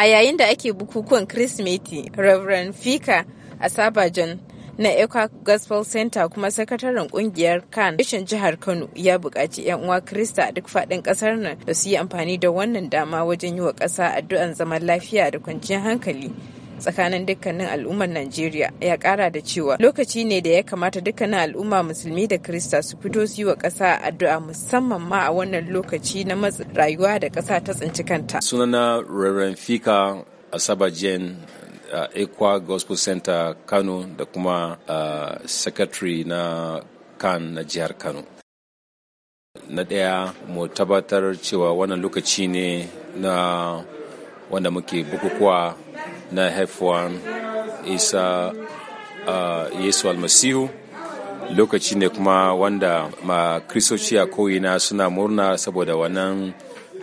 A yayin da ake bukukuwan Kirsimeti, Reverend Fika Asabajan na Eka Gospel Center kuma sakataren kungiyar Kan Bishin jihar Kano ya buƙaci 'yan uwa Krista a duk faɗin ƙasar nan da su yi amfani da wannan dama wajen yi wa ƙasa addu'an zaman lafiya da kwanciyar hankali. tsakanin dukkanin al'ummar Najeriya ya kara da cewa lokaci ne da ya kamata dukkanin al'umma musulmi da Kirista su fito su yi wa ƙasa addu'a musamman ma a wannan lokaci na matsin rayuwa da ƙasa ta tsinci kanta. Sunana Reverend Fika Asabajen ekwa uh, Equa Gospel Center Kano da kuma uh, Secretary na kan na jihar Kano. Na ɗaya mu tabbatar cewa wannan lokaci ne na wanda muke bukukuwa na F1 isa uh, yesu almasihu lokaci ne kuma wanda ma kristoci a ko'ina suna murna saboda wannan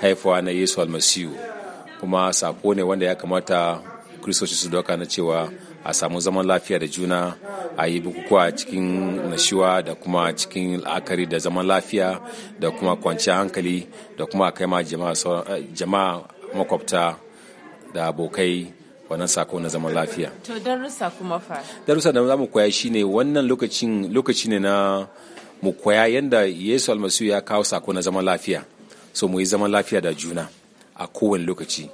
haifuwa na yesu almasihu kuma sako ne wanda ya kamata kristoci su doka na cewa a samu zaman lafiya da juna a yi bukukuwa cikin nashiwa da kuma cikin la'akari da zaman lafiya da kuma kwanciyar hankali da kuma a kai ma jama'a makwabta da abokai wannan sako na zaman lafiya to darussa kuma fa darussa da za mu koya shine wannan lokacin lokaci ne na mu koya yadda Yesu almasihu ya kawo sako na zaman lafiya so mu yi zaman lafiya da juna a kowane lokaci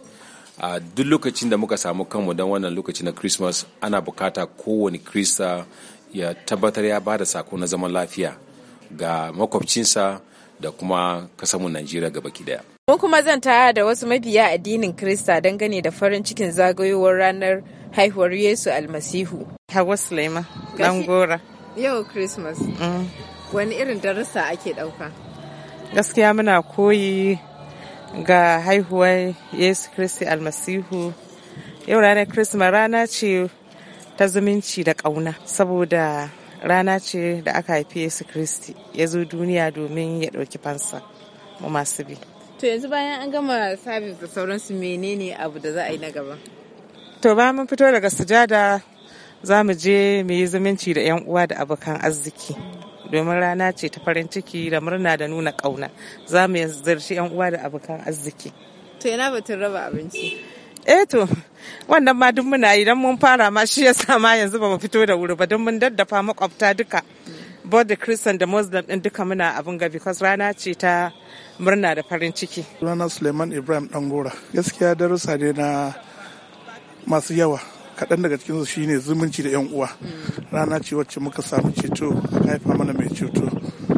a duk lokacin da muka samu kanmu don wannan lokaci na christmas ana bukata kowane krista ya tabbatar ya bada da sako na zaman lafiya ga makwabcinsa da kuma kasanmu najeriya gaba ki daya Mun kuma zan taya da wasu mabiya addinin Krista dangane da farin cikin zagayowar ranar haihuwar Yesu Almasihu. Hawa Sulaiman, ɗan gora. Yau Christmas. Mm. Wani irin darussa ake ɗauka? Gaskiya muna koyi ga haihuwar Yesu Kristi Almasihu. Yau ranar Christmas rana ce ta zumunci da ƙauna saboda rana ce da aka haifi Yesu Kristi ya zo duniya domin ya ɗauki fansa mu masu bi. to yanzu bayan an gama sabis da sauransu menene abu da za a yi na gaba to bayan mun fito daga sujada za mu je mu yi zumunci da 'yan uwa da abokan arziki domin rana ce ta farin ciki da murna da nuna ƙauna za mu ziyarci 'yan uwa da abokan arziki to yana batun raba abinci eh to wannan ma duk muna idan mun fara ma shi yasa ma yanzu ba mu fito da wuri ba don mun daddafa makwabta duka both the Christian da Muslim din duka muna abin ga because rana ce ta murna da farin ciki. Rana Suleiman Ibrahim Dangora. Gaskiya darussa ne na masu yawa. Kaɗan daga cikinsu shine zumunci da 'yan uwa. Rana ce wacce muka samu ceto, haifa mana mai ceto.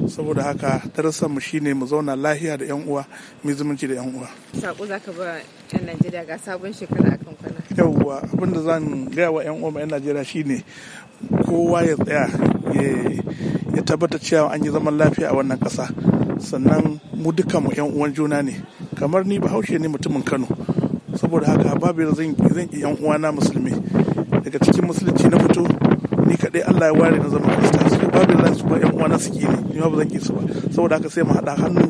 saboda haka mu shine mu zauna lahiya da 'yan uwa mu zumunci da 'yan uwa sako zaka ba 'yan najeriya ga sabon shekara akan kwana yawwa abinda zan gaya wa 'yan uwa 'yan najeriya shine kowa ya tsaya ya tabbatar cewa an yi zaman lafiya a wannan kasa sannan mu dukkan mu yan uwan juna ne kamar ni bahaushe ne mutumin kano saboda haka babu zan zan yan uwana musulmi daga cikin musulunci na fito ni kaɗai Allah ya ware na zama kista su babu zan su ba yan uwana su ki ne ni ba zan ki su ba saboda haka sai mu haɗa hannu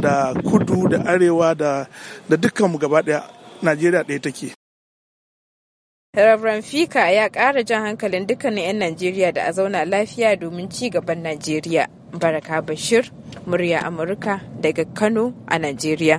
da kudu da arewa da da dukkan mu gaba ɗaya Najeriya ɗaya take Reverend Fika ya ƙara jan hankalin dukkanin 'yan Najeriya da a zauna lafiya domin ci gaban Najeriya. Baraka Bashir, murya Amurka daga Kano a Najeriya.